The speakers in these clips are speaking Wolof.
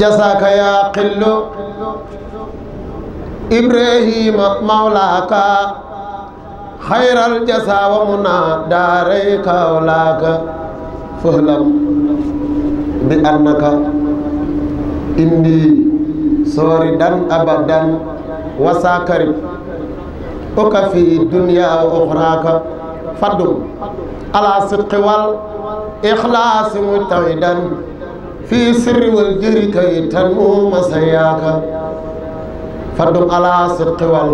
jasaaka yaa xillu ibrahima mawlaaka xayral jasa wa muna daaray kawlaaka fëhlam bi annaka indi soori dan abadan wasakarib uka fi dunya wa faddum ala sidqi wal ixlaasi mutawhidan fii sirri wal jëri kay tanuma sa yaaka faddu ala sidqi wal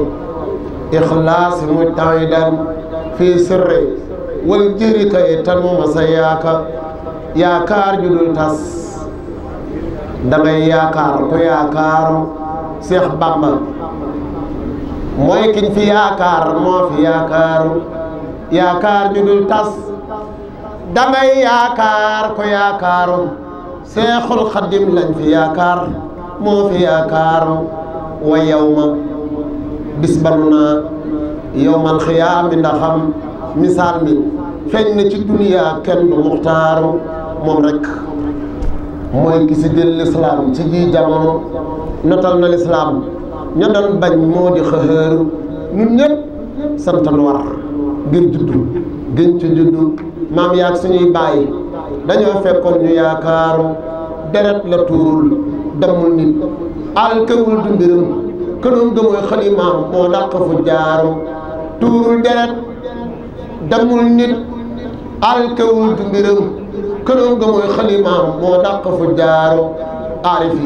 ixlaasi mujtahidan fii sirri wal jëri kay tanuma sa yaaka yaakaar ju dul tas da yaakaar ku yaakaaru Seex Bàmba mooy kiñ fi yaakaar moo fi yaakaaru yaakaar ju dul tas da yaakaar ku yaakaaru seexul xaddim lañ fi yaakaar moo fi yaakaar wa yawma bis banu naa yowmal xiyaami ndaxam misaal mi feeñ na ci duniyaa kenn du muxtaaru moom rek mooy ki si lislaam ci ji jamono notal na lislaam ña doon bañ moo di xëxër ñun ñëpp santan war juddu gën ci juddu maam yaag suñuy bàyyi dañoo fekkoon ñu yaakaaru deret la tuurul demul nit alkewul du mbiram kënoon ga xalimaam moo dàq fu jaaru tuurul deret demul nit alkewul du mbiram kënoon ga xalimaam moo dàq fu jaaru aarif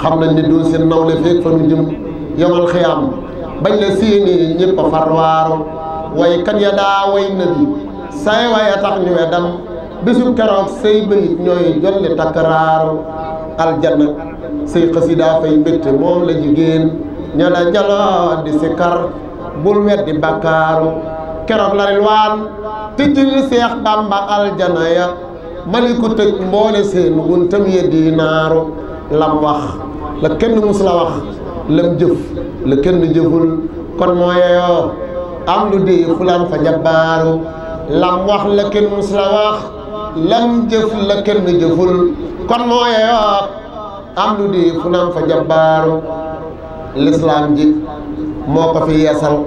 xam nañ ne doo seen nawle feeg fa nu jëm yamal xiyaam bañ la séenee ñëpp a farwaaru way kan ya daa way na bi say way a tax ñu we bisub keroog say bayit ñooy jolle takraaru aljanna say xasida fay mbégte moom la jigéen ña la jaloon di sikar bul weddi bakkaaru keroog la rilwaan tijjil seex bàmba aljana ya mali tëj mboole seen wuntam ya diinaaru lam wax la kenn mus la wax jëf la kenn jëful kon moo yeyoo am lu dee fulaan fa jabbaaru lam wax la kenn mus wax lam jëf la kenn jëful kon mooyeyoo am lu di fu naam fa jabbaaru lislaam ji moo ko fi yeesal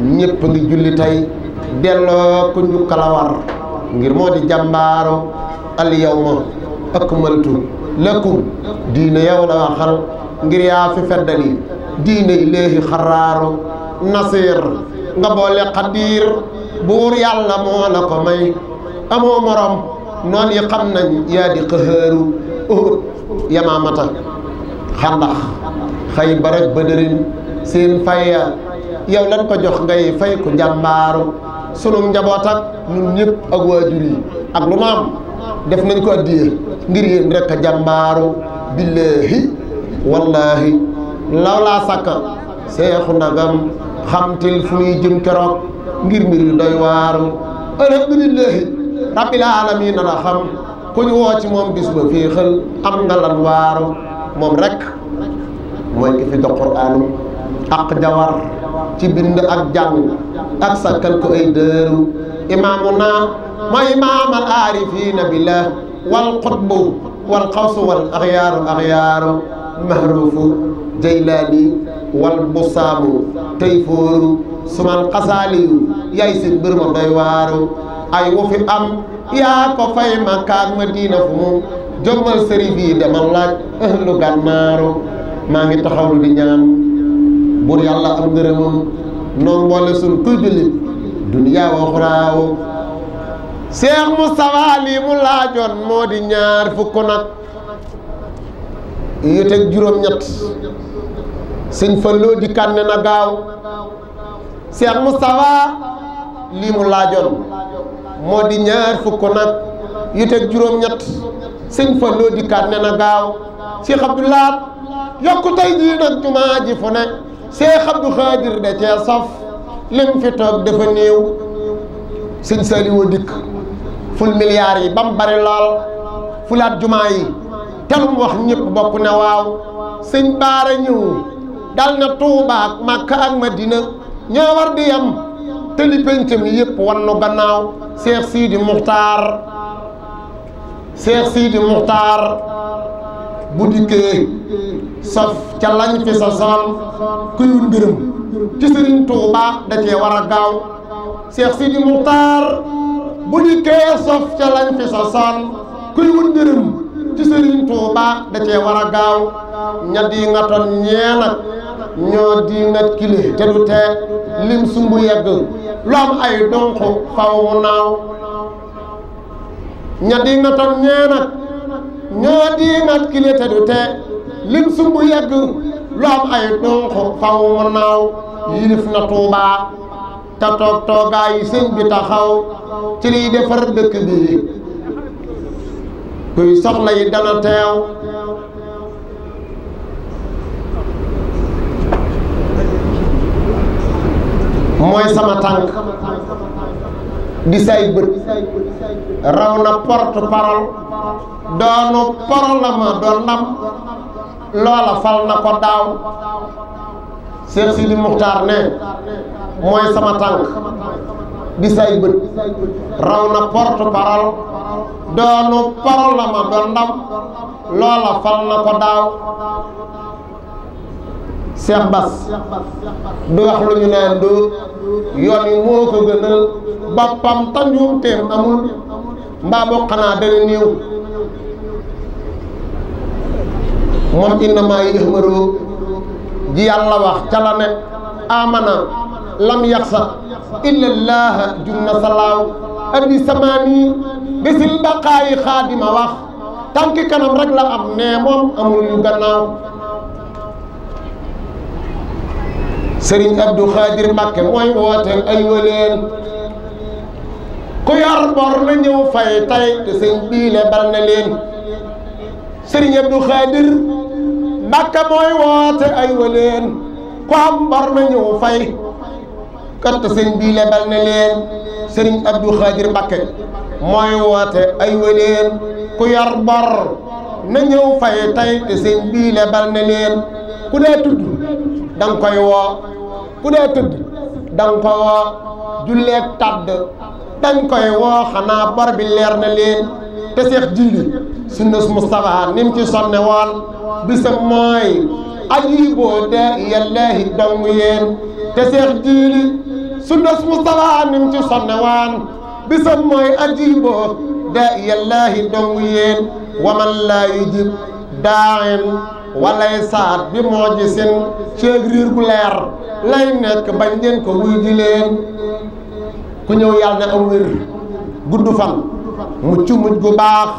ñépp ngi julli tey delloo ku njukkalawar ngir moo di jàmbaaru al yawma akmaltu lakum diine yow la waxal ngir yaa fi feddali diine ileehi xaraaru nasir nga boole xadiir buur yàlla moo la ko may amoo morom noon yi xam nañ yaa di xëhëru yamaamata xandax xaybar ak bëdërin seen faya yow lan ko jox ngay fay ku njàmbaaru sunu njaboot ak ñun ñëpp ak waajur yi ak lu ma def nañ ko addiya ngir yéen rek jàmbaaru billaahi wallaahi law laa sàkka seexu ndagam xamtil fu ñuy jëm keroog ngir mbir doy waaru alhamdulillahi rabbil aalamiin la xam ku moom gis ba fii xël am nga lan moom rek mooy ki fi dox quraanu ak jawar ci bind ak jàng ak sakkal ko ay dëru imaamu naa mooy imaamal aarifiina billah wal qutbu wal xawsu wal axyaaru axyaaru mahruufu jaylaani wal busaamu tayfooru suman xasaaliyu yay si mbir ma doy ay wu fi am yaa ko fay Makka ma diina fu mu jommal sëri bii demal laaj ëhlu gànnaaru maa ngi taxawlu di ñaan buur yàlla am ngërëmam noon boole sun kuy jullit duniyaa wa xuraaw Cheikh Moustapha lii mu laajoon moo di ñaar fukk nag yu teg juróom ñett sëñ Fallou di kànne na gaaw Cheikh Moustapha lii mu laajoon moo di ñaar fukk nag yu teg juróom-ñett sëñ Fallou dikkaat ne na gaaw Cheikh Abdou Lahat yokku tey jii nag jumaa ji fu ne Cheikh Abdou Khadir da cee saf lim fi toog dafa néew sëñ Saliou dikk ful milliards yi bam bari lool fulaat jumaa yi te lu mu wax ñëpp bokk na waaw sëñ Baara ñëw dal na Touba ak Makka ak ñoo war di yam tëli pencam yi yëpp wannu gannaaw Cheikh Sidi Muxtaar Cheikh Sidi Muxtaar bu dikkee saf ca sa son kuyul war a gaaw Cheikh Sidi Muxtaar bu dikkee saf ca lañ fi sa son kuyul mbiram ci Sëriñ Tuuba da cee war gaaw ña di nga ton ñee ñoo di nga kile te du tee lim sumbu yegg lu am ay donq faw mu naaw ña diŋatam ñee nag ñoo diŋat kile du tee lim sumb yegg lu ay donq faw mu naaw yilif na tuubaa te toog toogaa yi bi taxaw ci liy defar dëkk bi kuy soxla yi dana teew mooy sama tànk di say bët raw na porte parole doonu parlement doon ndam loola fal na ko daaw Cheikh Sidi Muxtaar ne mooy sama tànk di say bët raw na porte parole doonu parlement doon ndam loola fal na ko daaw Cheikh Bass du wax lu ñu naan du yoon yi moo ko gënal boppam tanjuum teem amul mbaa boo xanaa dana néew moom innamaa yahmaru ji yàlla wax ca la ne amana lam yaxsa illa llaaha junna salaaw andi samaani bisil baqaayi xaadima wax tànki kanam rek la am nee moom amul yu gannaaw sëriñ Abdou Khadir Mbakke mooy wooteel ay waleen ku yor bor na ñëw fay tay te sëñ bii le bal na leen sëriñ Abdou Khadir Mbakke mooy woote ay waleen ku am bor na ñëw fay kat te sëñ bii le bal na leen sëriñ Abdou Khadir Mbakke mooy woote ay waleen ku yor bor na ñëw fay tay te sëñ bii le bal na leen ku lee tudd danga koy u nee tëdd danga ko woo julleeg tàdd woo xanaa bor bi leer na leen te seex jili sunus Mustafa nim ci sonne woon bisam mooy ajiboo de yallaahi dong yéen te seex jili sunus Mustafa nim ci sonne woon bisam mooy ajiboo de yallaahi dong yéen waman laa yujib daain walay saat bi moo ji sin ceeg riir gu leer lay nekk bañ leen ko wuy di leen ku ñëw yàlla na am wér gudd fan mucc gu baax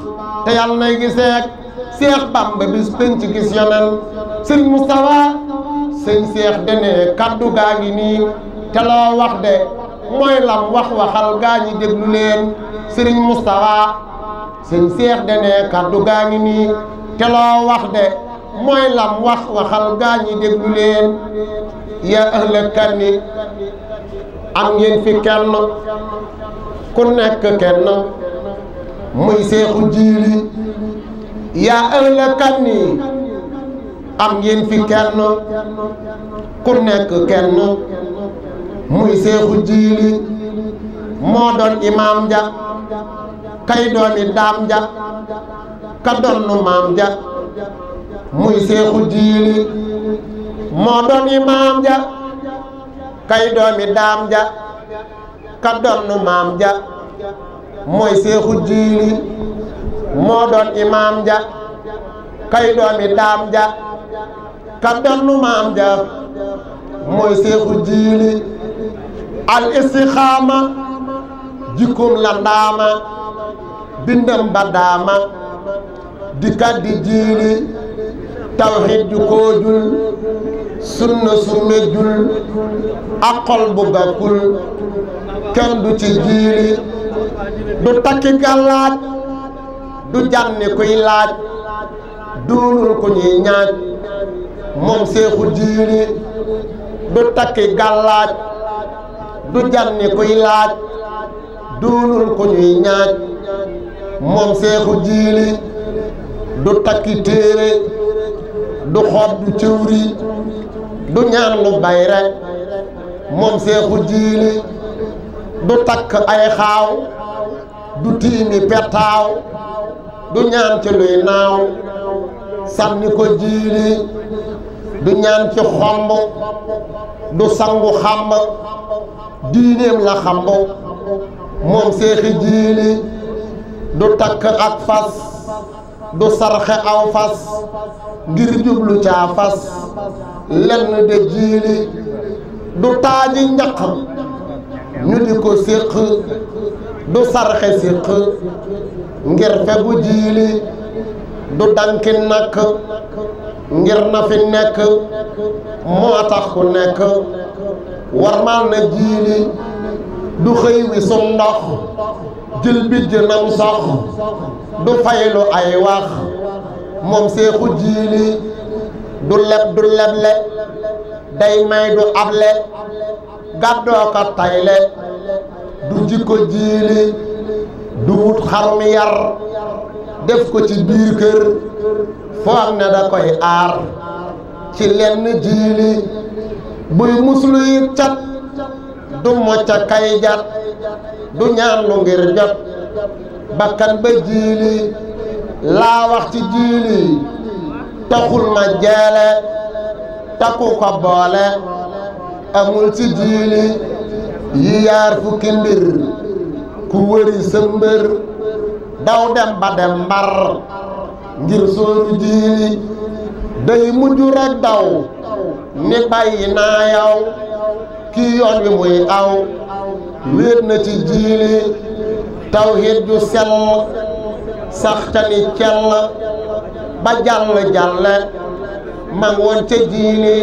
te yàlla nay giseek seex bamba bis penc gis yonen sëñ Moustapha sëñ seex dene kaddu gaa ngi nii te loo wax de mooy lam wax waxal gaa ñi déglu leen sëriñ Moustapha sëñ seex dene kaddu gaa ngi nii te loo wax de mooy lam wax waxal gaa ñi yaa ahla Karni am ngeen fi kenn ku nekk kenn muy seexu jiili yaa ahla Karni am ngeen fi kenn ku nekk kenn muy seexu jiili moo doon imaam ja kay doomi daam ja ka doon maam ja muy seexu jiili moo doon imaam ja kay doomi daam ja ka doon maam ja mooy seexu jiili moo doon imaam ja kay doomi daam ja ka doon maam ja mooy seexu jiili al istixaama jikkum la ndaama bindam ba daama di kat di jiili tawxiid ju koojul sunna su méjjul ak xol bu bakkul kenn du ci jiili du takki gàllaaj du jànni kuy laaj duulul ku ñuy ñaaj moom seexu jiili du takki gàllaaj du jànni kuy laaj duulul ku ñuy ñaaj moom seexu jiili du takki téere du xob du cëwri du ñaan lu bay rek moom seexu jiili du takk ay xaaw du tiimi petaaw du ñaan ci luy naaw sànni ko jiili du ñaan ci xomb du sangu xamb diineem la xamb moom seexi jiili du takk ak fas du sarxe aw fas ngir jublu caa fas lenn de jiili du taaji njaq ñu di ko séq du sarxe séq ngir fegu jiili du danki nakk ngir na fi nekk moo tax ku nekk warmal na jiili du xëy wi ndox jël bi jënam sax du faylu ay wax moom seexu jiili du leb du leble day may du able gàddoo ko tayle du jikko jiili du wut xar yar def ko ci biir kër foog ne da koy aar ci lenn jiili buy muslu yi cat du mocca kay jat du ñaan ngir jot bakkan ba jiili laa wax ci jiili taxul ma jeele takku ko boole amul ci jiili yi yaar fukki mbir ku wëri sa daw dem ba ngir sooru jiili day mujj daw ni bàyyi naa yow kii yoon bi muy aw wéet na ci jiili tawhid ju sell sax tani cell ba jàll jàlle ma woon ca jiili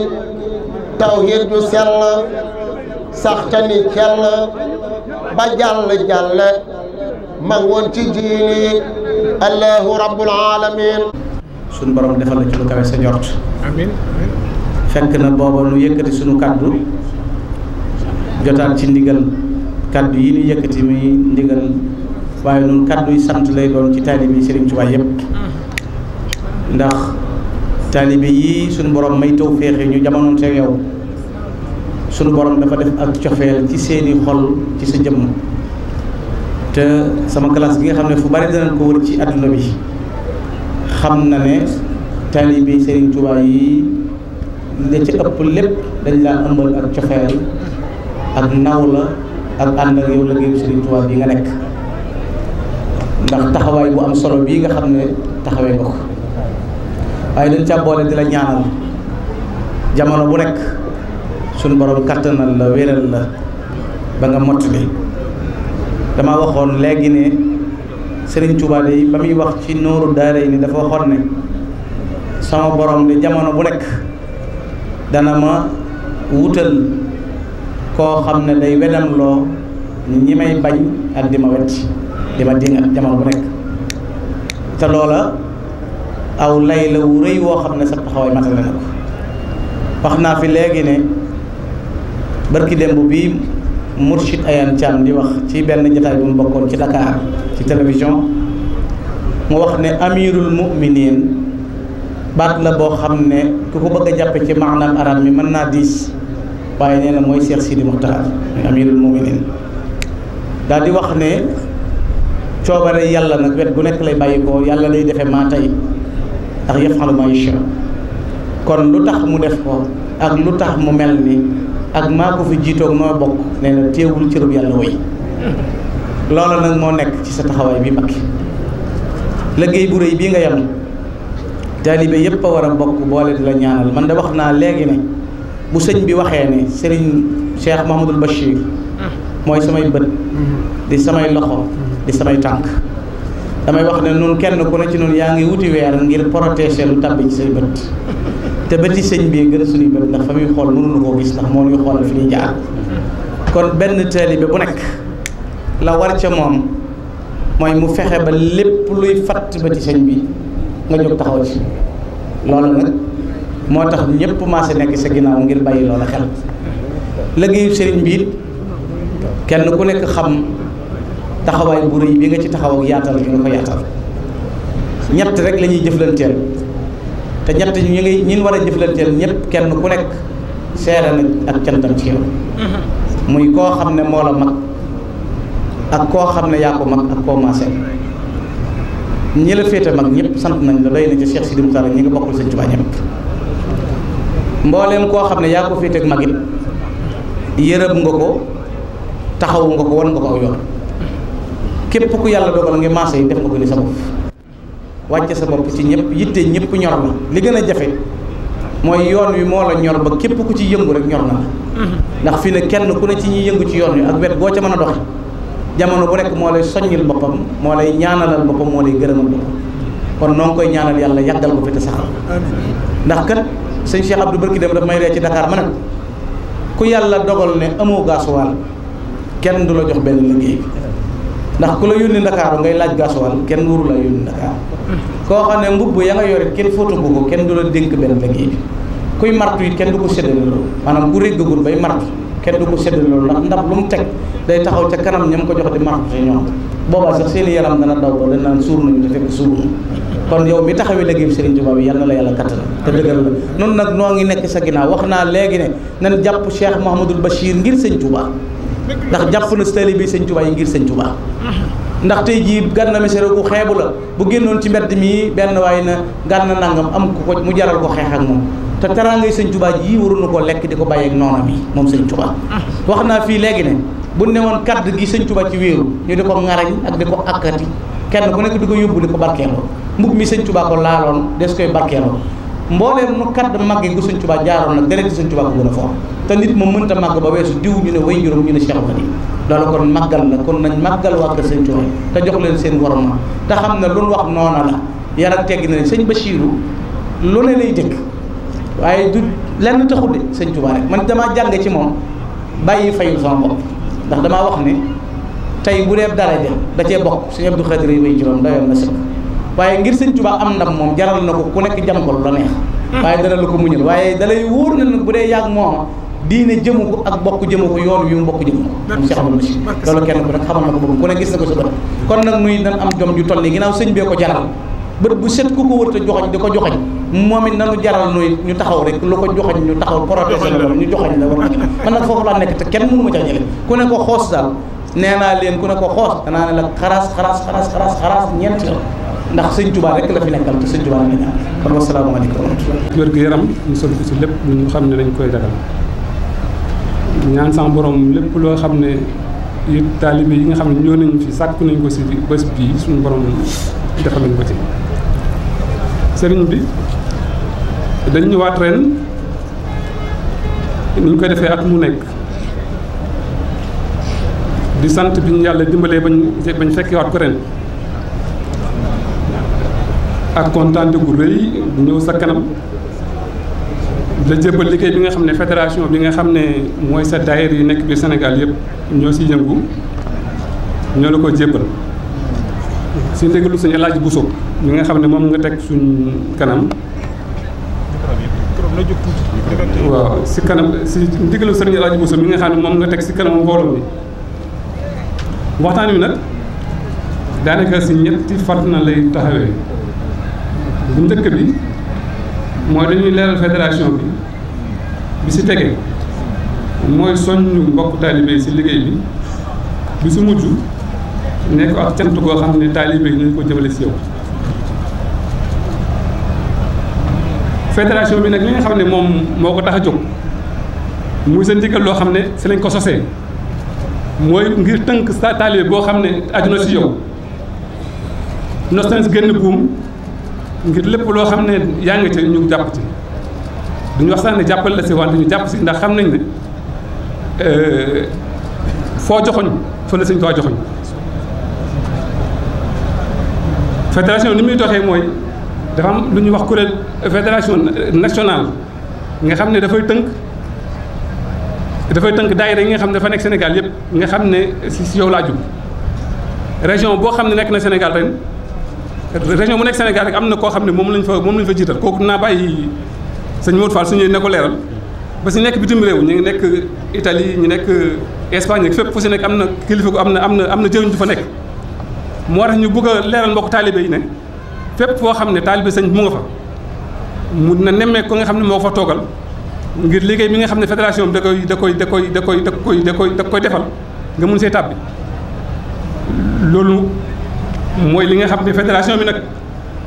tawhid ju sell sax tani cell ba jàll jàlle ma woon ci jiili allahu rabbul alamin sunu borom defal la ci lu kawe sa njort fekk na booba nu yëkkati sunu kaddu jotaat ci ndigal kaddu yi ni yëkkati muy ndigal waaye noonu kaddu yi sant lay doon ci taalibe yi Serigne Touba yëpp ndax taalibe yi sunu borom may taw féexe ñu jamonoon te yow sunu borom dafa def ak cofeel ci seeni xol ci sa jëmm te sama classe bi nga xam ne fu bari danañ ko wër ci àdduna bi xam na ne taalibe Serigne Touba yi la ci ëpp lépp dañ laa ëmbal ak cofeel ak naw la ak ànd ak yow la ngay Sëriñ Tuubaa bi nga nekk ndax taxawaay bu am solo bii nga xam ne taxawee nga ko waaye dañ ca boole di ñaanal jamono bu nekk suñu borom kattanal la wéral la ba nga mott bi dama waxoon léegi ne Sëriñ Tuubaa day ba muy wax ci nooru daara ni dafa waxoon ne sama borom de jamono bu nekk dana ma wutal koo xam ne day wenam loo ñi may bañ ak di ma wet di ma dingat jamono bu te loola aw lay rëy woo xam ne sa taxawaay matale na ko wax naa fi léegi ne barki démb bii Mourchid Ayane Thiam di wax ci benn jotaay bi mu bokkoon ci Dakar ci télévision mu wax ne amirul muminin baat la boo xam ne ku ko bëgg a jàppe ci maanaam arab mi mën naa diis waaye nee na mooy Cheikh Sidi Muxtaar amirul muminin daal di wax ne coobare yàlla nag wet bu nekk lay bàyyi ko yàlla lay defee maa tey ndax yafalu maa yashaa kon lu tax mu def ko ak lu tax mu mel ni ak maa ko fi jiitoog noo bokk nee na teewul cërub yàlla woy loola nag moo nekk ci sa taxawaay bi Mbakke lëggéey bu rëy bii nga yem taalibe yépp a war a bokk boole di la ñaanal man de wax naa léegi ne bu sëñ bi waxee ni sëriñ Cheikh Mahamadul Bachir mooy samay bët di samay loxo di samay tànk damay wax ne nun kenn ku ne ci nun yaa ngi wuti weer ngir protéger lu tàbbi ci say bët te bëti sëñ bi gën a suñuy bët ndax fa muy xool mënuñu koo gis ndax moo ñuy xoolal fi ñuy jaar kon benn taalibe bu nekk la war ca moom mooy mu fexe ba lépp luy fatt bëti sëñ bi nga jóg taxaw ci loolu nag moo tax ñëpp maase nekk sa ginnaaw ngir bàyyi loola xel liggéeyu sëriñ bi it kenn ku nekk xam taxawaay bu yi bi nga ci taxaw ak yaatal bi nga ko yaatal ñett rek la ñuy jëflanteel te ñett ñu ngi ñin war a jëflanteel ñëpp kenn ku nekk seere na ak cantam ci yow mm-hmm. muy koo xam ne moo la mag ak koo xam ne yaa ko mag ak koo maase ñi la féete mag ñëpp sant nañ la doy na ci Cheikh Sidi Moutar ñi nga bokkul Sëñ Tuubaa ñëpp mbooleem koo xam ne yaa ko féeteeg mag it yërëb nga ko taxawu nga ko wan nga ko aw yoon képp ku yàlla dogal nga maase yi def nga ko ni sa bopp wàcce sa bopp ci ñëpp yitte ñëpp ñor na li gën a jafe mooy yoon wi moo la ñor ba képp ku ci yëngu rek ñor na la ndax fii ne kenn ku ne ci ñuy yëngu ci yoon wi ak wet goo ca mën a doxe jamono bu nekk moo lay soññil boppam moo lay ñaanalal boppam moo lay gërëmal boppam kon noo koy ñaanal yàlla yàggal ko fi te saxal ndax kat sëñ Cheikh Abdou Barki dem daf may ree ci Dakar ma ne ku yàlla dogal ne amoo gaasuwaal kenn du la jox benn liggéey ndax ku la yónni ndakaaru ngay laaj gaasuwaal kenn wuru la yónni Dakar koo xam ne mbubb ya nga yore kenn fóotu ko kenn du la dénk benn liggéey kuy martu it kenn du ko séddale loolu maanaam ku réggagul bay martu kenn du ko séddale loolu ndax ndab lu mu teg day taxaw ca kanam ñam ko jox di martu ci ñoom boobaa sax seen i yaram dana daw ba dañ naan suur nañu te fekk suur kon yow mi taxawee liggéeyu Serigne Touba bi yal na la yàlla kattan te dëggal la noonu nag noo ngi nekk sa ginnaaw wax naa léegi ne nan jàpp Cheikh Mouhamadul Bachir ngir sëñ Touba ndax jàpp na tali bi sëñ Touba yi ngir sëñ Touba ndax tey jii Gana Messere ku xeebu la bu génnoon ci mbedd mi benn waaye na Gana nangam am ku ko mu jaral ko xeex ak moom te teraangay sëñ Touba ji waroon na ko lekk di ko bàyyeeg noonam yi moom sëñ Touba wax naa fii léegi ne bu newoon kaddu gi sëñ Touba ci wéeru ñu di ko ŋarañ kenn ku nekk di ko yóbbu di ko barkeeloo mbub mi sëñ Tuubaa ko laaloon des koy barkeeloo mbooleem nu kadd màgge gu sëñ Tuubaa jaaroon nag deret di sëñ ko gën a foor te nit moom mënta màgg ba weesu diw ñu ne way juróom ñu ne Cheikh Xadim loolu kon màggal la kon nañ màggal waa kër sëñ te jox leen seen waroon na te xam ne lu wax noona la yar ak teggi na sëñ Bachiru lu ne lay dëkk waaye du lenn taxu de sëñ Tuubaa rek man damaa jàng ci moom bàyyi fayu sama bopp ndax damaa wax tey bu dee dara ja da cee bokk sëñ Abdou Khadir yi way juróom doyoon na sëkk waaye ngir sëñ Tuubaa am ndam moom jaral na ko ku nekk jam ko lu la neex hmm. waaye dara la ko muñal waaye dalay wóor na nag bu dee yàgg mooma diine jëmu ko ak bokk jëmu ko yoon wi mu bokk jëmu ko mu si xamal si loolu kenn ku nekk xamal am jom ju toll nii bee ko jaral bët bu set ku ko wërta di ko joxoñ moom it nanu jaral nuy ñu taxaw rek lu ko joxoñ ñu taxaw protéger la ñu joxoñ la war man nag foofu laa nekk te kenn mënu ma jële ku ne ko xoos daal nee naa leen ku ne ko xoos danaa ne la xaraas xaraas xaraas xaraas xaraas ñeenti yoon ndax sëñ Tuubaa rek la fi nekkal te sëñ Tuubaa la ñu ñaan kon wasalaamaaleykum wa rahmatulah. yaram ñu sol ko si lépp lu ñu xam ne dañ koy dagal ñaan sama borom lépp loo xam ne yëpp taalibe yi nga xam ne ñoo nañu fi sàkk nañ ko si bés bii suñu borom defal nañ ko ci. sëriñ bi dañ ñëwaat ren ni ñu koy defee at mu nekk. di sant bi ñu yàlla dimbalee bañ bañ fekkewaat ko ren ak kontaante gu rëy ñëw sa kanam la jébbal liggéey bi nga xam ne fédération bi nga xam ne mooy sa daayir yi nekk biir Sénégal yëpp ñoo si yëngu ñoo la ko si ndéglu suñu laaj bu sóob mi nga xam ne moom nga teg suñ kanam waaw si kanam si ndigalu sëriñ Alaaji Bousso mi nga xam ne moom nga teg si kanam mbooloo mi waxtaan wi nag daanaka si ñetti fànn na lay taxawee bu njëkk bi mooy dañuy leeral fédération bi bi si tege mooy soññu mbokk taalibe si liggéey bi bi su mujj nekk ak cant goo xam ne taalibe ñu nañu ko jëmale si yow. fédération bi nag ñu nga xam ne moom moo ko tax a jóg muy sa ndigal loo xam ne si lañ ko sosee. mooy ngir tënk sa taalibe boo xam ne aju na si yow nostans génn buum ngir lépp loo xam ne yaa ngi ci ñu jàpp ci duñu wax sax ne jàppal la si wante ñu jàpp si ndax xam nañ ne euh, foo joxoñ fa la sëñ Tuubaa joxoñ ni muy doxee mooy dafa am lu ñuy wax kuréel fédération nationale nga xam ne dafay tënk dafay tënk daayira yi nga xam ne dafa nekk Sénégal yëpp nga xam ne si yow laa région boo xam ne nekk na Sénégal ren région bu nekk Sénégal rek am na koo xam ne moom lañ fa moom lañ fa jiital kooku dinaa bàyyi sëñ Modou Fall suñu ne ko leeral ba si nekk bitim réew ñu ngi nekk Italie ñu nekk Espagne rek fépp fu si nekk am na kilifa gu am na am na am na jëriñ du fa nekk moo tax ñu bëgg a leeral mbokk taalibe yi ne fépp foo xam ne taalibe sañ mu nga fa mu na nemmee ko nga xam ne moo ko fa toogal ngir liggéey mi nga xam ne fédération bi da koy da koy da koy da koy da koy da koy da koy defal nga mun see tàbbi loolu mooy li nga xam ne fédération bi nag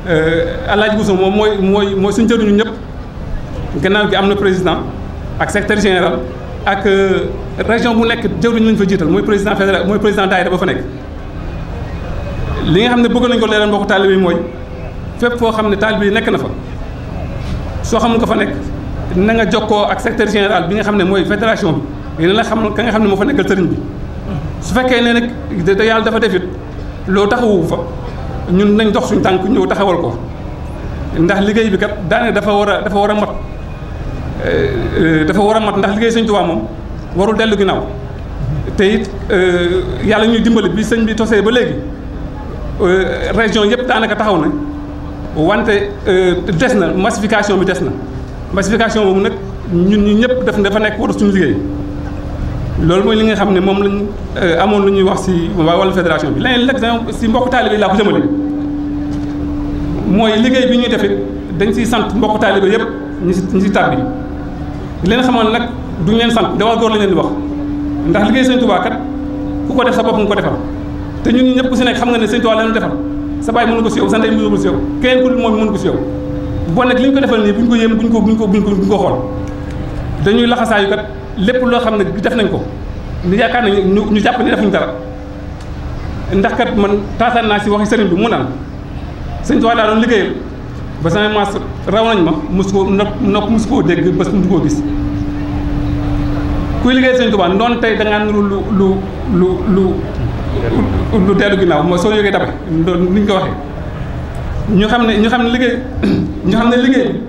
euh, Alaaji Bousso moom mooy mooy mooy suñu jëriñu ñëpp gannaaw gi am na président ak secrétaire général ak euh, région bu nekk jëwriñ lañu fa jiital mooy président fédéral mooy président daayira ba fa li nga xam ne bëgg nañu ko leeral mbokku taalibe mooy fépp foo xam ne taalibe yi nekk na fa soo xamul ko fa nekk na nga jokkoo ak secrétaire général bi nga xam ne mooy fédération bi dina la xam ka nga xam ne moo fa nekkal sëriñ bi su fekkee ne nag yàlla dafa defit loo taxawu fa ñun nañ dox suñu tànk ñëw taxawal ko ndax liggéey bi kat daane dafa war a dafa war a mat euh, dafa war a mat ndax liggéey sëñ Tuubaa moom warul dellu ginnaaw te it euh, yàlla ñuy dimbali bi sëñ bi tosee ba léegi euh, région yëpp daanaka taxaw na wante des na massification bi des na massification boobu nag ñun ñu ñëpp daf dafa nekk war suñu liggéey loolu mooy li nga xam ne moom lañu euh, amoon lu ñuy wax si waa wàllu fédération bi leneen léeg si mbokk taalibe yi laa ko jëmale liggéey bi ñuy def dañ siy sant mbokk taalibe yëpp ñu si ñu si tàbbi leen xamoon nag duñ leen sant dawal góor lañ leen di wax ndax liggéey sëñ Tuubaa kat ku ko def sa bopp nga ko defal te ñun ñëpp ku si nekk xam nga ne sëñ Tuubaa leen defal sa baay mënu ko si yow sa ndey mënu ko si yow keneen ku dul moom mënu ko si yow bon nag li ñu ko defal nii bu ñu ko yéem bu ñu ko bu ñu ko bu ñu ko xool dañuy laxasaayu kat lépp loo xam ne def nañ ko ni yaakaar nañ ñu ñu jàpp ne defuñ dara ndax kat man taasaan naa si waxi sëriñ bi mun mu naan sëñ Tuubaa daa doon liggéeyal ba sama maas raw nañ ma mosu koo nopp mosu koo dégg ba mosu koo gis kuy liggéey sëñ Tuubaa noonu tey da ngaa lu lu lu lu lu lu dellu ginnaaw ma soo yëgee dabe niñ ko waxee ñu xam ne ñu xam ne liggéey ñu xam ne liggéey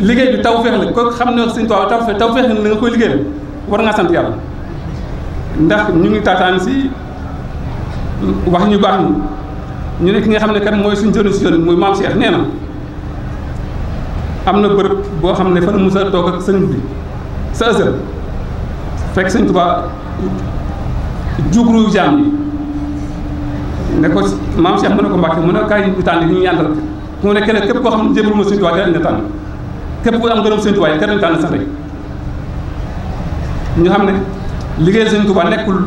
liggéey bi taw feex la ko xam ne suñu taw taw taw feex la nga koy liggéeyal war nga sant yàlla ndax ñu ngi taataan si wax ñu baax ñu ne ki nga xam ne kat mooy suñ jëriñ si yoon muy maam Cheikh nee na am na bërëb boo xam ne fan mu sa toog ak sëñ bi sa ësël fekk sëñ Tuubaa jugru jaam yi ne ko maam Cheikh mu ne ko Mbàkke mu ne kaay ñu tànn ñu ñu àndal mu ne keneen képp koo xam ne jébbalu ma sëñ Tuubaa keneen na tànn am gërëm sëñ Tuubaa keneen tànn sax ñu xam ne liggéey sëñ Tuubaa nekkul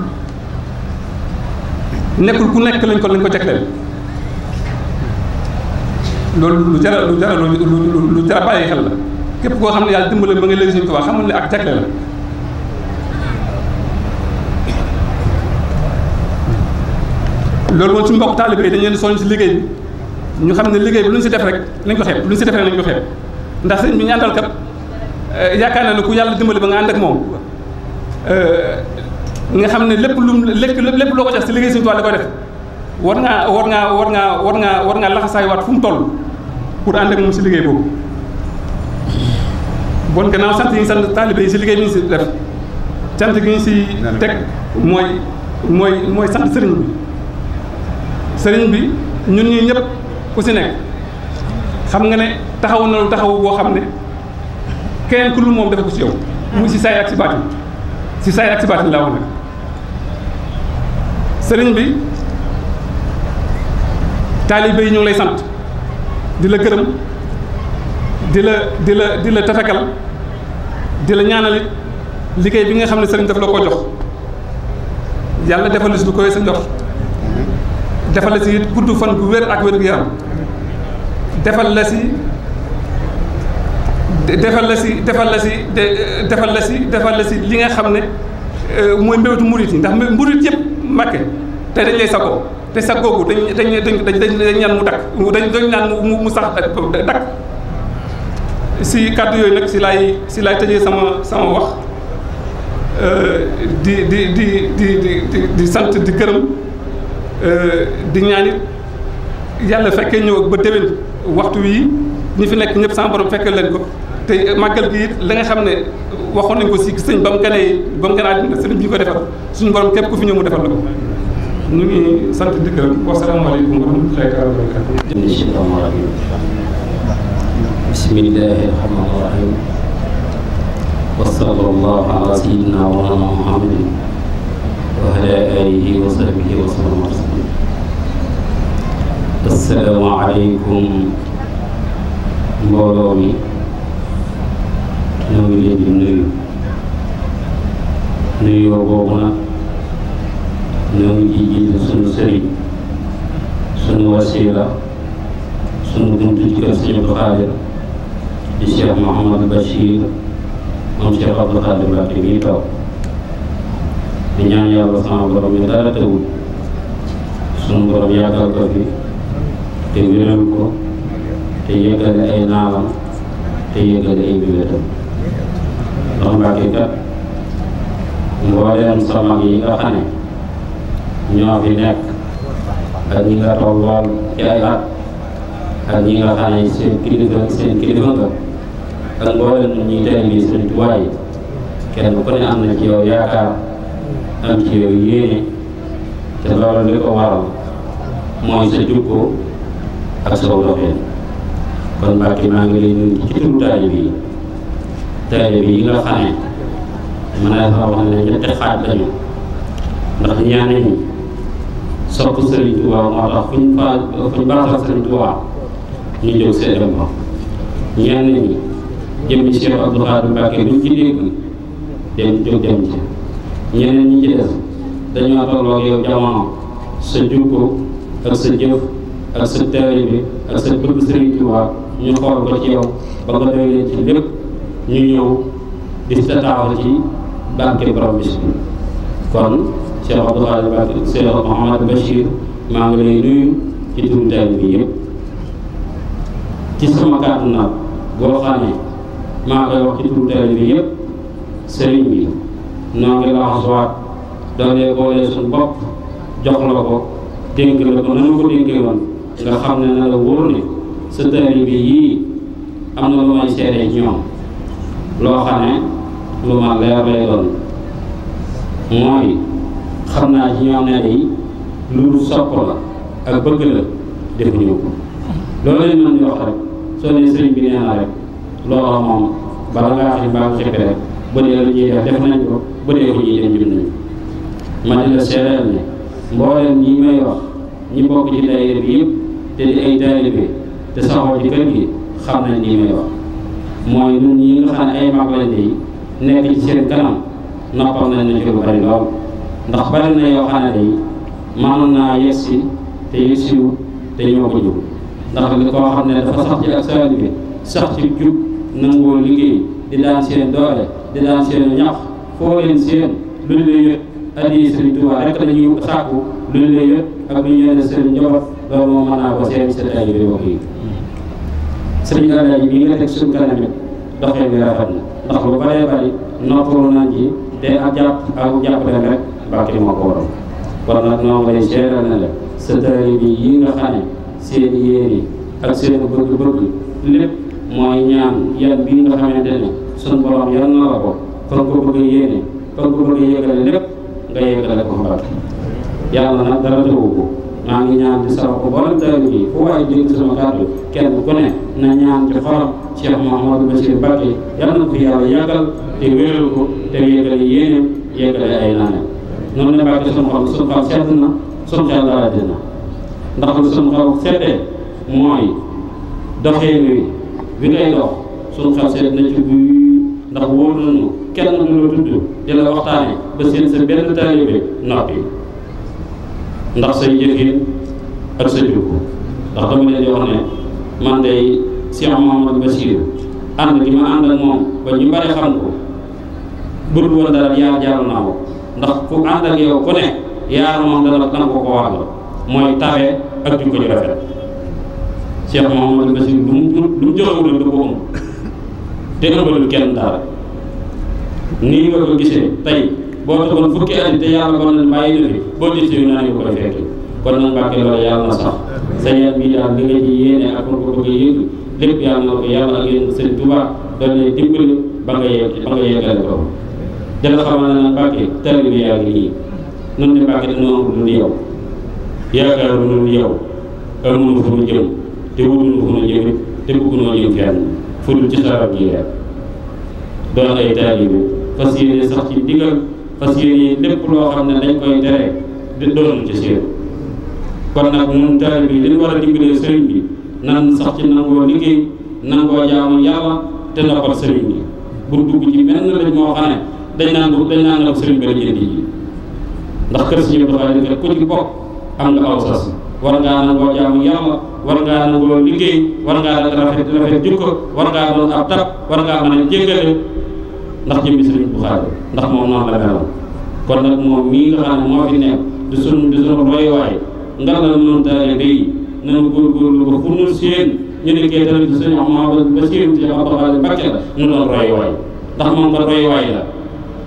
nekkul ku nekk lañ ko lañ ko jagleel loolu lu jara lu jara lu jara bàyyi xel la képp koo xam ne yàlla dimbale ba nga liggéey sëñ Tuubaa xamul ne ak jagle la loolu moom suñu mbokk taalibe yi dañu leen soññ si liggéey bi ñu xam ne liggéey bi lu ñu si def rek nañ ko xeeb lu ñu si def rek nañ ko xeeb ndax sëñ bi ñu àndal kat euh, yaakaar na ne ku yàlla dimbali ba nga ànd ak moom euh, nga xam ne lépp lu lépp lépp loo ko si liggéey suñu toile da koy def war ngaa war ngaa war ngaa war ngaa war ngaa laxasaay waat fu mu toll pour ànd ak moom si liggéey boobu bon gannaaw sant yi ñu sant taalibe si liggéey bi ñu si def cant gi ñu si teg mooy mooy mooy sant sëriñ bi sëriñ bi ñun ñi ñëpp ku ci nekk xam nga ne taxaw na lu taxaw boo xam ne keneen ku dul moom dafa ko si yow. muy si saay ak si baatin si saay ak si baatin laa wax nag sëriñ bi taalibe yi ñu lay sant di la gërëm di la di la di la tatakal di la ñaanalit liggéey bi nga xam ne sëriñ daf la ko jox yàlla defal lu si lu koy sa jox defal la si gudd fan gu wér ak wér gu yaram defal la si defal la si defal la si defal la si defal si li nga xam ne euh, mooy mbébétu murit yi ndax murit yëpp màkke te dañ lay sagoo te sag googu dañ dañ dañ dañ ñaan mu dakk dañ dañ ñaan mu mu sax euh, dakk si kàddu yooyu nag si lay si laay tëjee sama sama wax euh, di di di di di di sant di gërëm Euh, di ñaan it yàlla fekkee ñëw ak ba déwén waxtu wi ñu fi nekk ñëpp sama borom fekkee leen ko te màggal gi it la nga xam ne waxoon nañ ko si sëñ ba mu ganee ba mu ganee àddina sëriñ bi ñu ko defal suñu borom képp ku fi ñëw mu defal la ko ñu ngi sant di gërëm wasalaamaaleykum wa rahmatullahi taala wa barakatu bismillahi rahmaani rahim wa sallallahu ala sayyidina asalaamaaleykum mbooloo mi ñoo ngi leen di nuyu nuyoo boobu nag ñoo ngi ci jiitu sunu sëriñ sunu wasiila sunu buntu ci kër Sëriñ Abdou Khadre di Cheikh Mouhamadou Bachir moom Cheikh Abdou Khadre Mbacké mi toog di ñaan yàlla sama borom mi dara tëwul suñu borom yàggal ko fi te wéral ko te yëggale ay naalam te yëggale ay wéetam ndax Mbàkke kat mbooleem sa mag yi nga xam ne ñoo fi nekk ak ñi nga tollool ci ay at nga xam ne seen kilifa seen nga ak mbooleem nu ñuy tey bi suñu tuwaay kenn ku ne am na ci yow yaakaar te loolu li ko mooy sa jukkoo ak saw doxeen kon Mbàkke maa ngi lay nuyu ci turu taalibe yi taalibe yi nga xam ne mën naa fa wax ne ñetti xaaj lañu ndax ñaane ñi sopp Sëriñ Tuubaa moo tax fuñ fa fuñ baaxal ñu jóg seen dem ba ak jëf ak sa taalibe bëgg Sëriñ Tuubaa ñu xool ko ci yow ci lépp ñu ñëw di ci barke borom bi kon Cheikh Abdou Khadre Mbacké Cheikh Mouhamadou Bachir maa ngi lay nuyu ci turu taalibe bi ci sama kàddu nag boo xam maa koy wax ci turu taalibe bi sëriñ bi noo ngi la wax waat doolee boolee suñu bopp jox la dénk la ko nanu ko dénkee woon nga xam ne na la wóor ne sa taalibe yii am na lu may seede ci ñoom loo xam ne lu ma leer lay doon mooy xam naa ci ñoom ne day lu sopp la ak bëgg la defuñu ko loolu leen mën di rek soo ne sëriñ bi nee na rek loolu moom bala ngaa xam mbaa xeppe rek bu lu ñuy def def nañ ko ko ñuy def jëm nañ ma di la seereel ne mbooleem ñi may wax ñi bokk ci daayira bi yëpp te di ay taalibe te saxoo ci kër gi xam nañ li may wax mooy ñun ñi nga xam ne ay mag lañ yi nekk ci seen kanam noppal nañ na ci lu bari lool ndax bari na yoo xam ne day mënoon naa yegsi te yegsiwu te ñoo ko jóg ndax li koo xam ne dafa sax ci ak taalibe sax ci jub nangoo liggéey di daan seen doole di daan seen ñax foo seen lu leen yëpp addi Serigne Touba rek la ñuy sàkku lu ñu lay yëg ak lu ñu yéene seen njaboot loolu moom mën naa ko seen sa taalibe wax yi Serigne Gana Ndiaye bii nga teg suñu kanam it bi rafet na ndax lu bëree bëri noppalu nañ ci te ak jàpp ak jàppale rek bàkki moo ko waral kon nag noo ngi lay seeral la sa bi yi nga xam ne seen ak seen bëgg-bëgg lépp mooy ñaan yan bii nga xamante ne suñu borom yan na la ko fa bëgg a yéene fa nga bëgg a yéegale nga yeggale ko mbagg yàlla nag dara tëwu ko maa ngi ñaan di sax ko boole taalibe yi fu waaye dégg sama kàddu kenn ku ne na ñaan ci xolam Cheikh Mouhamadou Bachir Mbacké yàlla na ko fi yàlla yàggal te wéral ko te yeggale yéeneem yeggale ay naanam noonu ne Mbacké suñu xol suñu xol sedd na suñu xel dara dina ndax lu suñu xol seddee mooy doxee wi bi ngay dox suñu xel sedd na ci buy ndax wóor nañu kenn mënoo tudd di la waxtaane ba seen sa benn taalibe noppi ndax say jëfin ak sa jukko ndax dama leen di wax ne man day Cheikh Mouhamadou Bassirou ànd gi ma ànd ak moom ba ñu bari xam ko budul woon dara yaar jaaru naa ko ndax ku ànd ak yow ku ne yaar moom dana ko ko war la mooy tabe ak jukko ju rafet Cheikh Mouhamadou Bassirou lu mu lu mu joxewul da ko ëmb te ëmbalul kenn dara nii nga ko gisee tey boo taxoon fukki at te yàlla ko nan bàyyi na fi boo gisee naa ngi ko koy fekk kon nag Mbàkke loolu yàlla na sax sa yar daal li ci yéene ak a yëngu na ko yàlla ak yéen sëñ Tuubaa doon ne dimbali ba nga yegg ba nga ko dala xamal na Mbàkke tali bi yaa nii nun di Mbàkke dañoo am lu dul yow lu dul yow amuñu fu mu jëm te wutuñu fu mu jëm te bëgguñoo jëm fenn fu dul ci sabab ji rek doon ay taalibe fas yéene sax ci ndigal fas lépp loo xam ne dañ koy tere di ci seen kon nag ñun taalibe bi li ñu war a dimbalee sëriñ bi nan sax ci nangoo liggéey nangoo jaamu yàlla te noppal sëriñ bi bu dugg ci benn lañ moo xam ne dañ naan dañ naan la sëriñ bi la jënd ji ndax kër si ñëpp dafay defee ci bokk am nga aw sas war ngaa nangoo jaamu yàlla war ngaa nangoo liggéey war ngaa rafet rafet jikko war ngaa doon ab tab war ngaa mën a jéggale ndax jëmmi Sëriñ bu xaar ndax moom noonu la meloon kon nag moom mii nga xam ne moo fi nekk di sunu di sunu roy waay ngar la noonu daale day nanu góorgóorlu ba fu nu seen ñu nekkee tamit sëñ Mouhamed Bassirou Cheikh Abdou Khadre Mbacké la ñu doon roy waay ndax moom nga roy waay la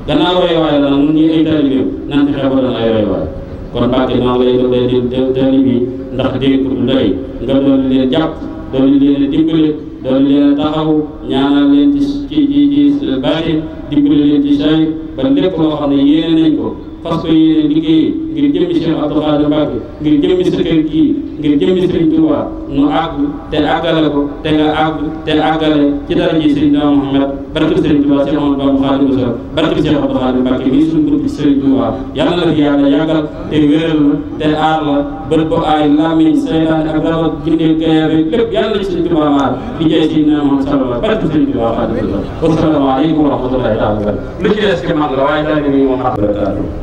gannaaw roy waay la nag nun ay taalibe nan ci xeeboon ay roy waay kon Mbacké maa ngi lay doon di taalibe ndax dégg du doy nga doon leen jàpp doon leen dimbale doon leen taxawu ñaanal leen ci ci ci ci baatin dimbali leen ci saay ba lépp loo xam ne yéene nañ ko fas ko yéene liggéey ngir jëmmi Cheikh Abdou Khadre Mbacké ngir jëmmi sa kër gii ngir jëmmi Serigne Touba nu àgg te àggale ko te nga àgg te àggale ci dara ji Serigne Touba Mouhamed barke Serigne Touba Cheikh Amadou Bamba Khadimou Rassoul barke Cheikh Abdou Khadre Mbacké mii suñu bëgg Serigne Touba yàlla na fi yàlla yàggal te wéral la te aar la bët bu aay làmmiñ seytaane ak rawat jinne kayabe lépp yàlla na ci Serigne Touba aar di jëy Seydina Muhammad sallallahu alayhi wa sallam barke Serigne Touba Khadimou Rassoul wasalaamaaleykum wa rahmatullahi taala lu ci des ki man la waaye tali ni moom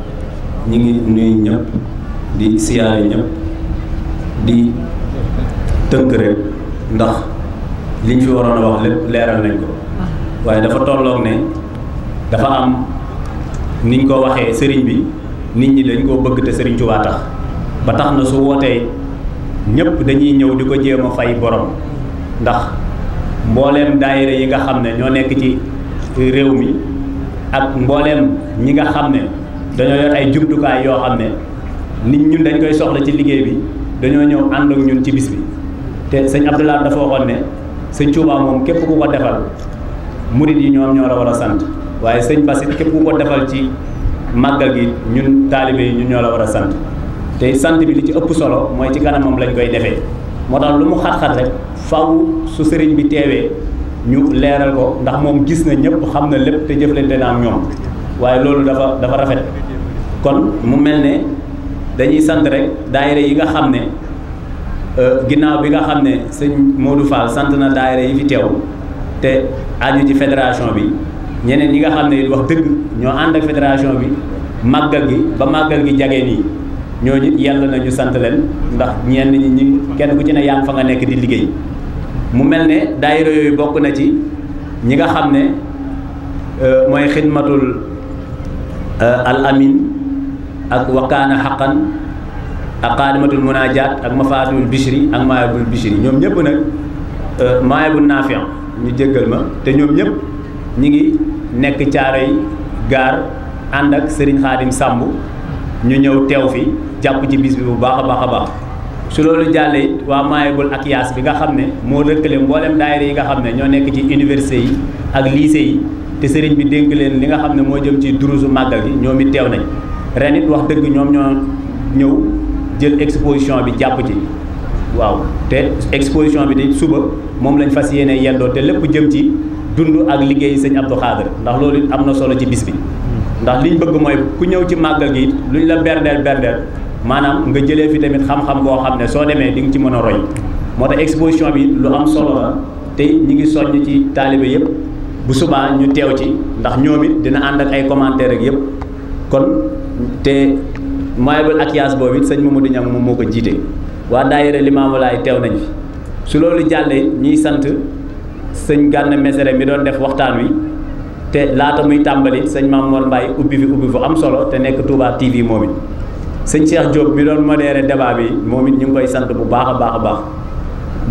ñu ngi nuyu ñëpp di siyaare ñëpp di tënk ndax liñ fi waroon a wax lépp leeral nañ ko waaye dafa tolloog ne dafa am niñ ko waxee sëriñ bi nit ñi dañ ko bëgg te sëriñ Tuubaa tax ba tax na su wootee ñëpp dañuy ñëw di ko jéem fay borom ndax mbooleem daayira yi nga xam ne ñoo nekk ci réew mi ak mbooleem ñi nga xam ne dañoo yor ay jumtukaay yoo xam ne nit ñun dañ koy soxla ci liggéey bi dañoo ñëw ànd ak ñun ci bis bi te sëñ Abdoulaye dafa waxoon ne sëñ Touba moom képp ku ko defal murid yi ñoom ñoo la war a sant waaye sëñ Basit képp ku ko defal ci màggal gi ñun taalibe yi ñu ñoo la war a sant te sant bi li ci ëpp solo mooy ci kanamam lañ koy defee moo tax lu mu xat-xat rek faw su sëriñ bi teewee ñu leeral ko ndax moom gis na ñëpp xam na lépp te jëflante na am ñoom waaye loolu dafa dafa rafet kon mu mel ne dañuy sant rek daayira yi nga xam ne euh, ginnaaw bi nga xam ne sëñ Modou Fall sant na daayira yi fi teew te aju ci fédération bi ñeneen ñi nga xam ne it wax dëgg ñoo ànd ak fédération bi màggal gi ba màggal gi jage nii ñooñu yàlla na ñu sant leen ndax ñenn ñi ñi kenn ku ci ne yaa fa nga nekk di liggéey mu mel ne daayira yooyu bokk na ci ñi nga xam ne euh, mooy xidmatul euh, al amin ak wakaana xaqan ak xaadimatul munaajaat ak mafaatihul bichri ak maayabul bichri ñoom ñëpp nag euh, maayabul naafian ñu jéggal ma te ñoom ñëpp ñi ngi nekk caaro yi gaar ànd ak sëriñ xaadim sàmb ñu ñëw teew fi jàpp ci bis bi bu baax a baax a baax su loolu jàllee it waa maayabul ak yaas bi nga xam ne moo lëkkale mboolem daayira yi nga xam ne ñoo nekk ci université yi ak lycée yi te sëriñ bi dénk leen li nga xam ne moo jëm ci durusu màggal gi ñoom it teew nañ ren it wax dëgg ñoom ñoo ñëw jël exposition bi jàpp ci waaw te exposition bi de suba moom lañ fas yéene yendoo te lépp jëm ci dund ak liggéey sëñ Abdou Khader ndax loolu it am na solo ci bis bi ndax liñ bëgg mooy ku ñëw ci màggal gi ñu la berndeel berndeel maanaam nga jëlee fi tamit xam-xam boo xam ne soo demee di nga ci mën a roy moo tax exposition bi lu am solo la te ñi ngi soññ ci taalibe yëpp bu subaa ñu teew ci ndax ñoom it dina ànd ak ay commentaire ak yëpp te Mayabul Akyaas boobu it sëñ Mamadou Niang moom moo ko jiite waa daayira Limaamu Laay teew nañ fi su loolu jàllee ñuy sant sëñ gànn Messere mi doon def waxtaan wi te laata muy tàmbali sëñ Mamour Mbaye ubbi fi ubbi fu am solo te nekk Touba TV moom it sëñ Cheikh Diop mi doon modéré débat bi moom it ñu ngi koy sant bu baax baax a baax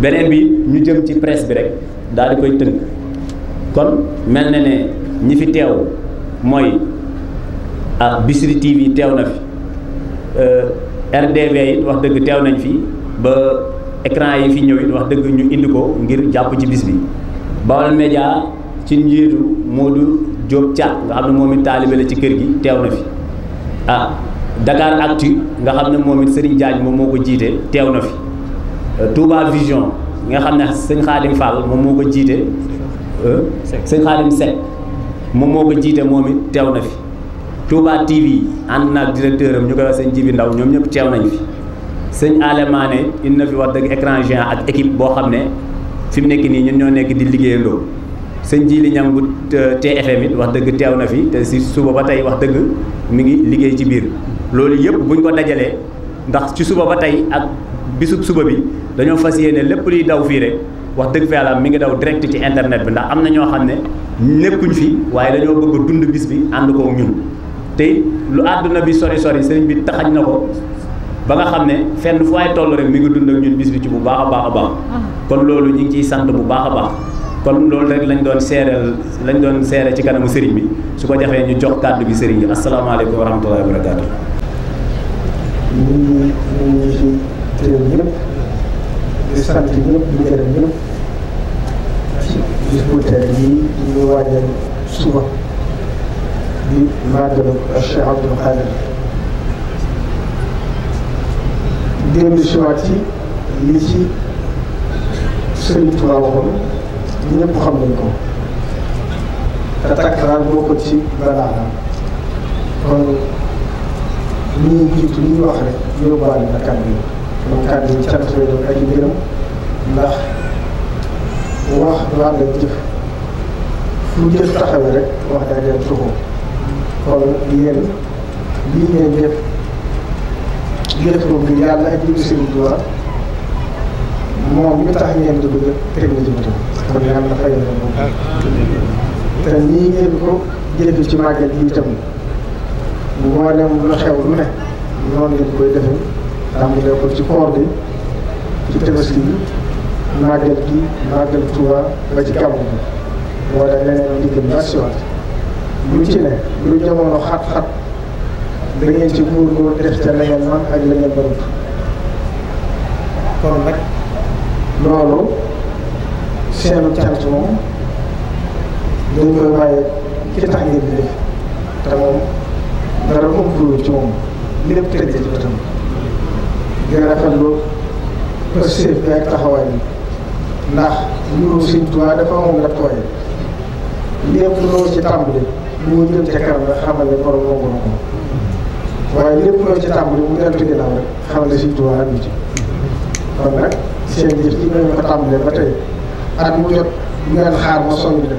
beneen bi ñu jëm ci presse bi rek daal di koy tënk kon mel na ne ñi fi teew mooy ak ah, Bichri TV teew na fi eh, RDV it wax dëgg teew nañ fi ba écran yi fi ñëw it wax dëgg ñu indi ko ngir jàpp ci bis bi Baol Média ci njiitu Modou Diop Thiat nga xam ne moom it taalibe la ci kër gi teew na fi ah Dakar Actu nga xam ne moom it Serigne Diagne moom moo ko jiite teew na fi eh, Touba Vision nga xam ne sëñ Xaadim Fall moom moo ko jiite eh, sëñ Xaadim Seck moom moo ko jiite moom it teew na fi Touba TV ànd naa directeur am ñu koy wax sëñ Jibi Ndaw ñoom ñëpp teew nañ fi sëñ Alemane in na fi wax dëgg écran géant ak équipe boo xam ne fi mu nekk nii ñun ñoo nekk di liggéeyandoo sëñ Jili Ñang bu euh, TFM it wax dëgg teew na fi te si suba ba tey wax dëgg mu ngi liggéey ci biir loolu yëpp buñ ko dajalee ndax ci suba ba tey ak bisub suba bi dañoo fas yéene lépp luy daw fii rek wax dëgg fi yàlla mi ngi daw direct ci internet bi ndax am na ñoo xam ne nekkuñ fi waaye dañoo bëgg dund bis bi ànd koog ñun te lu àdduna bi sori sori sëriñ bi taxañ na ko ba nga xam ne fenn fu waay toll rek mi ngi dund ak ñun bis ci bu baax a baax a baax ah. kon loolu ñu ngi ciy sant bu baax a baax kon loolu rek lañ doon seereel lañ doon seere ci kanamu sëriñ bi su ko jafee ñu jox kàddu bi sëriñ bi asalaamaaleykum wa rahmatullahi wa barakaatu ñun ñu ci teew di màggalu Cheikh Abdoul Khadr dellu si waat ci li ci Sëriñ Tuubaa waxoon ñëpp xam nañ ko te takkaraar boo ko ci balaa la kon li ñuy jiitu li ñuy wax rek yóbbaale na kàddu yi moom kàddu yi cant lay doon ak yu gërëm ndax wax lu ànd ak jëf fu jëf taxawee rek wax daa dem kon yéen lii ngeen def jëlee ko ngir yàlla ak jëlee Sëriñ Tuubaa moom mi tax ngeen di bëgg a teg na ci moom te nii ngeen ko jëlee ci màggal gi itam mboolem lu xew lu ne noonu ngeen koy defee tàmbalee ko ci koor gi ci tabaski bi màggal gi màggal Tuubaa ba ci gàmmu bi wala leneen lu gën a lu ci ne lu jamono xat-xat da ngeen ci góorgóor def ca la man ak la ngeen doon kon nag loolu seenu cant moom dañ koy bàyyi ki tax ngeen di def te moom dara ëmb ci moom lépp tëdd ci bëtam di rafetlu pëstéef bi ak taxawaay bi ndax mbirum Sëñ Tuubaa dafa moom la tooye lépp loo ci tàmbali lu mu jëm ca kanam rek xamal ne borom moo ko ko waaye lépp loo ci tàmbali mu deltu ginnaaw rek xamal ne Sëriñ Tuubaa ak ci kon nag ci nañu ko tàmbalee ba tey at mu jot bu ngeen xaar ma sonn dem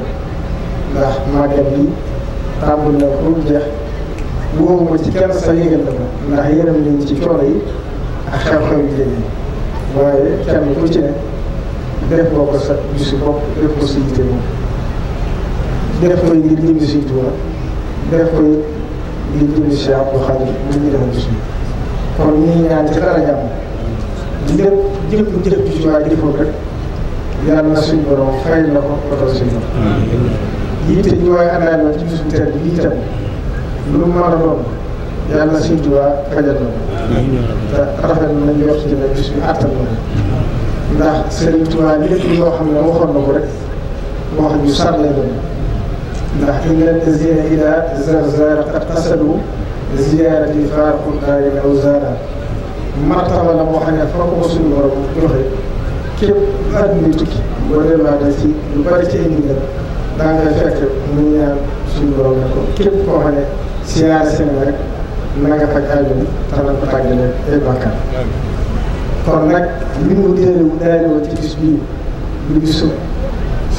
ndax màggal bi tàmbali na ko mu jeex wóobu ma ci sa yëgal na ko ci coono yi ak ku ci def nga sa gisu bopp def ko sa yite moom def koy ngir jëm si suñu Tuubaa def koy ngir jëm si Cheikh Abdou Khadim bu ñu defoon ci suñu kon ñi ñaan ci dara jàmm rek yàlla na suñu borom fay na ko oto suñu borom yitte ñu waaye àndaale woon ci bisum tedd bi itam lu mu mën a yàlla na suñu Tuubaa fajal na ko te rafet nañ yor ci ne bis bi àttan na ndax Sëriñ Tuubaa lépp loo xam ne waxoon na ko rek wax ju sar lay doon ndax inna lazina ida zarzara taqasadu ziyaarati faarqu daari law zaara martaba la boo xam ne fa ko suñu borom joxe képp àdduna tukki boo demaatee ci lu bari ci ay ndigal daa ngay fekk mu ñaan suñu borom ne ko képp koo xam ne siyaare seen rek na nga faj aajo bi te na ko tàggale ay bàkkaar kon nag li mu déeréwu daayoo ci bis bii du bisu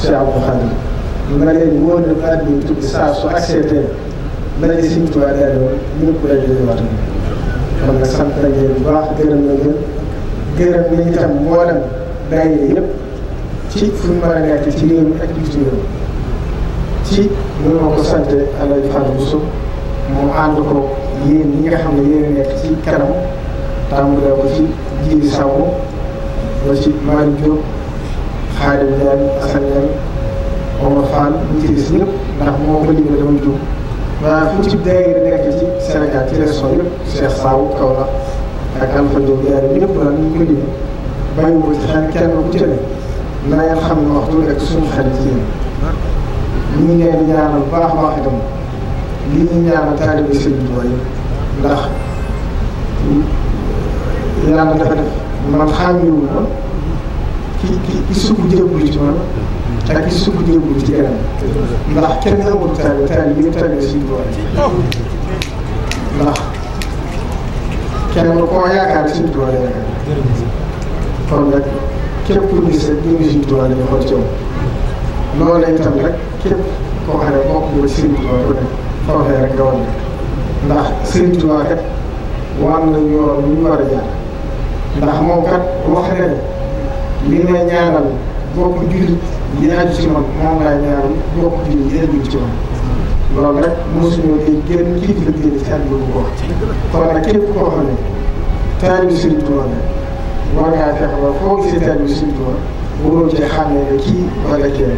Cheikh Abdou Khadir ma leen wóor ne baat bi tukki saa su accepté dañuy Sëriñ Tuubaa daal yoon ñëpp la jëriñoo kon nag sant nañ leen bu baax gërëm nañ itam mboolem daayira yëpp ci fu a nekk ci réew mi ci réew mi ci mën ma ko sant Alaaji Fàllu Buso moom ànd ko yéen ñi nga xam ne yéen nekk ci kanam tàmbalee ko ci jiiri sawu ba ci Malick Diop Xaadim Ndiaye Assane Omar Fall ñu ci des ñëpp ndax moo ko liggéey dama jóg waaye fu ci daayira nekk ci Sénégal ci région yëpp Cheikh Saw Kaolack ak Alpha Diop daayira ñëpp daal ñu ngi ko liggéey bàyyiwoo ci xel kenn ku ci ne na ngeen xam ne waxtu rek suñu xel ci yéen ñu ngi leen bu baax a baax itam lii ñu ñaanal taalibe Sëriñ Tuubaa ndax yàlla dafa def man xaamiwu ma ki ki ki sukk jébbalu ci man ak gis suñu jëmbu ci ndax kenn amul taal taal yi taal si doole ndax kenn koo yaakaar si doole yaakaar kon nag képp ku gis rek ñu ngi si doole ñu xool ci moom loolu lay tam rek képp koo xam ne bokk nga Sëriñ Tuubaa ku ne foofee rek nga ndax Sëriñ Tuubaa kat war a jaar ne li nga ñaanal bokk li aju ci man moom laay ñaan yokk ci ñun njëriñu ci man loolu rek mosuñoo di génn kii di la génn ci àdduna bu ko wax kon nag képp koo xam ne taalibu Sëriñ Tuubaa la war ngaa fexe ba foo gisee taalibu Sëriñ Tuubaa cee xàmmee ne kii wala kee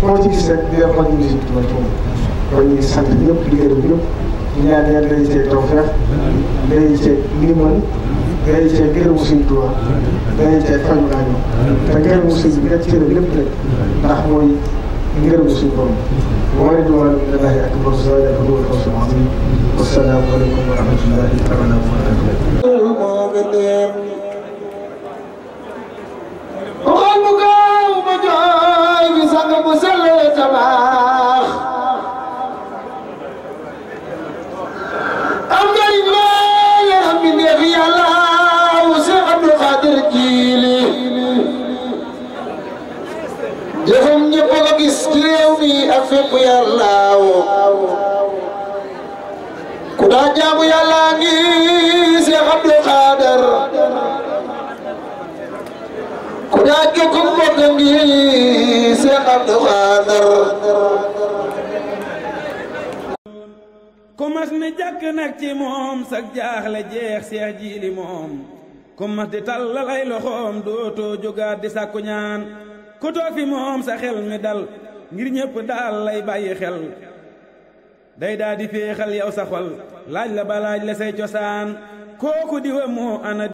koo ci gis rek di xool ñu Sëriñ Tuubaa ci moom kon ñu ngi sant ñëpp di gërëm ñëpp ñaan yàlla day cee tawfeex day danañ cee gërëmu suñu Tuubaa danañ cee faju aajo te gërëmu suñu bi rek cëram lépp rek ndax mooy ngërëmu suñu borom wa ridwaanu llaahi akbar zaalika huwal fawzul aziim wassalaamu aleykum wa rahmatullaahi taala wa barakaatuh وقلبك ومجاي بسنة مسلة تمام fépp ni jàkk nag ci moom sag jaaxle jeex Cheikh Jili moom ku di tàllalay loxoom dootoo jógaat di sàkku ñaan ku fi moom sa xel mi dal ngir ñépp daal lay bàyyi xel day daa di féexal yow sa xol laaj la ba laaj la say cosaan kooku diwa moo ana